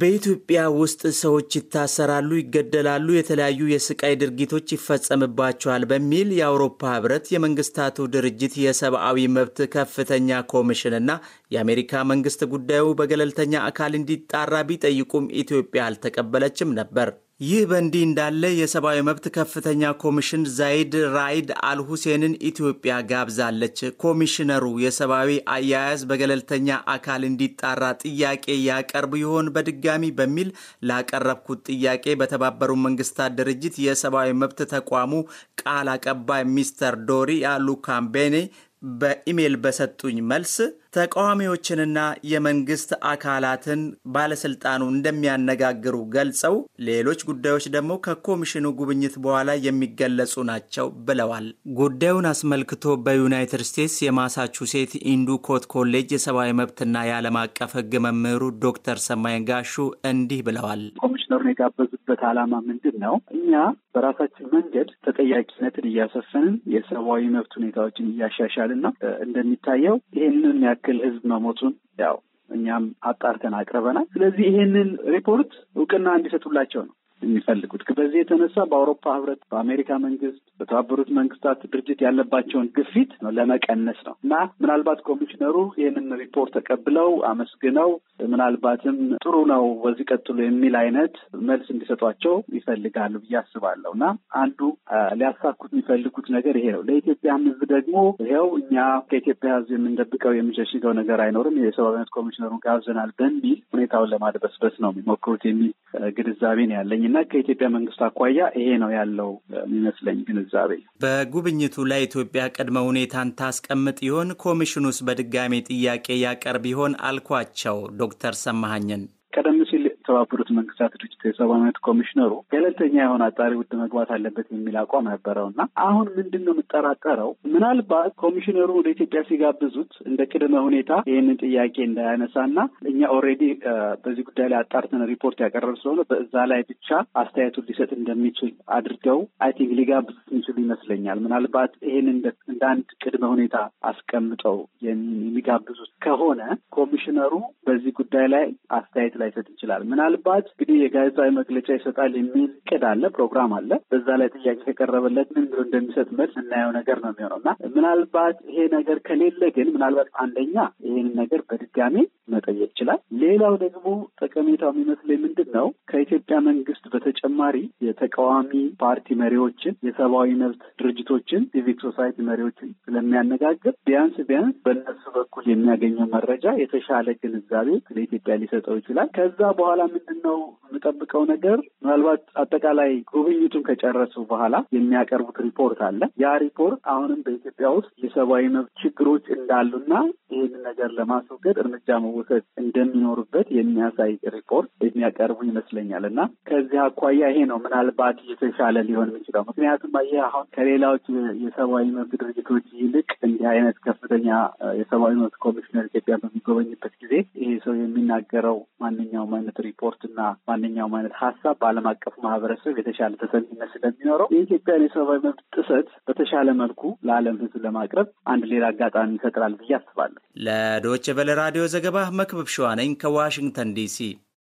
በኢትዮጵያ ውስጥ ሰዎች ይታሰራሉ፣ ይገደላሉ፣ የተለያዩ የስቃይ ድርጊቶች ይፈጸምባቸዋል በሚል የአውሮፓ ህብረት፣ የመንግስታቱ ድርጅት የሰብአዊ መብት ከፍተኛ ኮሚሽንና የአሜሪካ መንግስት ጉዳዩ በገለልተኛ አካል እንዲጣራ ቢጠይቁም ኢትዮጵያ አልተቀበለችም ነበር። ይህ በእንዲህ እንዳለ የሰብአዊ መብት ከፍተኛ ኮሚሽን ዛይድ ራይድ አልሁሴንን ኢትዮጵያ ጋብዛለች። ኮሚሽነሩ የሰብአዊ አያያዝ በገለልተኛ አካል እንዲጣራ ጥያቄ ያቀርብ ይሆን በድጋሚ በሚል ላቀረብኩት ጥያቄ በተባበሩት መንግስታት ድርጅት የሰብአዊ መብት ተቋሙ ቃል አቀባይ ሚስተር ዶሪያ ሉካምቤኔ በኢሜል በሰጡኝ መልስ ተቃዋሚዎችንና የመንግስት አካላትን ባለስልጣኑ እንደሚያነጋግሩ ገልጸው ሌሎች ጉዳዮች ደግሞ ከኮሚሽኑ ጉብኝት በኋላ የሚገለጹ ናቸው ብለዋል። ጉዳዩን አስመልክቶ በዩናይትድ ስቴትስ የማሳቹሴት ኢንዱ ኮት ኮሌጅ የሰብአዊ መብትና የዓለም አቀፍ ሕግ መምህሩ ዶክተር ሰማይ ጋሹ እንዲህ ብለዋል። ኮሚሽነሩን የጋበዝ የምንሄድበት ዓላማ ምንድን ነው? እኛ በራሳችን መንገድ ተጠያቂነትን እያሰፈንን የሰብአዊ መብት ሁኔታዎችን እያሻሻልን ነው። እንደሚታየው ይህንን ያክል ህዝብ መሞቱን ያው እኛም አጣርተን አቅርበናል። ስለዚህ ይህንን ሪፖርት እውቅና እንዲሰጡላቸው ነው። የሚፈልጉት። በዚህ የተነሳ በአውሮፓ ህብረት፣ በአሜሪካ መንግስት፣ በተባበሩት መንግስታት ድርጅት ያለባቸውን ግፊት ለመቀነስ ነው እና ምናልባት ኮሚሽነሩ ይህንን ሪፖርት ተቀብለው አመስግነው ምናልባትም ጥሩ ነው በዚህ ቀጥሎ የሚል አይነት መልስ እንዲሰጧቸው ይፈልጋሉ ብዬ አስባለሁ እና አንዱ ሊያሳኩት የሚፈልጉት ነገር ይሄ ነው። ለኢትዮጵያ ህዝብ ደግሞ ይኸው እኛ ከኢትዮጵያ ህዝብ የምንደብቀው የምንሸሽገው ነገር አይኖርም የሰብአዊነት ኮሚሽነሩን ጋብዘናል በሚል ሁኔታውን ለማድበስበስ ነው የሚሞክሩት የሚል ግንዛቤ ነው ያለኝ እና ከኢትዮጵያ መንግስት አኳያ ይሄ ነው ያለው የሚመስለኝ ግንዛቤ። በጉብኝቱ ላይ ኢትዮጵያ ቅድመ ሁኔታን ታስቀምጥ ይሆን? ኮሚሽኑስ በድጋሜ ጥያቄ ያቀርብ ይሆን? አልኳቸው ዶክተር ሰማሀኝን። የተባበሩት መንግስታት ድርጅት የሰብአዊ መብት ኮሚሽነሩ ገለልተኛ የሆነ አጣሪ ውድ መግባት አለበት የሚል አቋም ነበረው እና አሁን ምንድን ነው የምጠራጠረው ምናልባት ኮሚሽነሩ ወደ ኢትዮጵያ ሲጋብዙት እንደ ቅድመ ሁኔታ ይህንን ጥያቄ እንዳያነሳና እኛ ኦልሬዲ በዚህ ጉዳይ ላይ አጣርተን ሪፖርት ያቀረብ ስለሆነ በዛ ላይ ብቻ አስተያየቱን ሊሰጥ እንደሚችል አድርገው አይ ቲንክ ሊጋብዙት የሚችሉ ይመስለኛል። ምናልባት ይህን እንደ አንድ ቅድመ ሁኔታ አስቀምጠው የሚጋብዙት ከሆነ ኮሚሽነሩ በዚህ ጉዳይ ላይ አስተያየት ላይሰጥ ይችላል። ምናልባት እንግዲህ የጋዜጣዊ መግለጫ ይሰጣል የሚል ቅድ አለ፣ ፕሮግራም አለ። በዛ ላይ ጥያቄ ከቀረበለት ምን ብሎ እንደሚሰጥ መልስ እናየው ነገር ነው የሚሆነው እና ምናልባት ይሄ ነገር ከሌለ ግን ምናልባት አንደኛ ይህን ነገር በድጋሚ መጠየቅ ይችላል። ሌላው ደግሞ ጠቀሜታው የሚመስለኝ ምንድን ነው ከኢትዮጵያ መንግስት በተጨማሪ የተቃዋሚ ፓርቲ መሪዎችን፣ የሰብአዊ መብት ድርጅቶችን፣ ሲቪክ ሶሳይቲ መሪዎችን ስለሚያነጋግር ቢያንስ ቢያንስ በእነሱ በኩል የሚያገኘው መረጃ የተሻለ ግንዛቤ ለኢትዮጵያ ሊሰጠው ይችላል። ከዛ በኋላ ምንድን ነው የምጠብቀው ነገር ምናልባት አጠቃላይ ጉብኝቱን ከጨረሱ በኋላ የሚያቀርቡት ሪፖርት አለ። ያ ሪፖርት አሁንም በኢትዮጵያ ውስጥ የሰብአዊ መብት ችግሮች እንዳሉና ይህንን ነገር ለማስወገድ እርምጃ መወሰድ እንደሚኖርበት የሚያሳይ ሪፖርት የሚያቀርቡ ይመስለኛል እና ከዚህ አኳያ ይሄ ነው ምናልባት የተሻለ ሊሆን የሚችለው። ምክንያቱም ይህ አሁን ከሌላዎች የሰብአዊ መብት ድርጅቶች ይልቅ እንዲህ አይነት ከፍተኛ የሰብአዊ መብት ኮሚሽነር ኢትዮጵያ በሚጎበኝበት ጊዜ ይሄ ሰው የሚናገረው ማንኛውም አይነት ሪፖርት እና ማንኛውም አይነት ሀሳብ በዓለም አቀፉ ማህበረሰብ የተሻለ ተሰሚነት ስለሚኖረው የኢትዮጵያን የሰብአዊ መብት ጥሰት በተሻለ መልኩ ለዓለም ሕዝብ ለማቅረብ አንድ ሌላ አጋጣሚ ይፈጥራል ብዬ አስባለሁ። ለዶቼ ቬለ ራዲዮ ዘገባ መክበብ ሸዋነኝ ከዋሽንግተን ዲሲ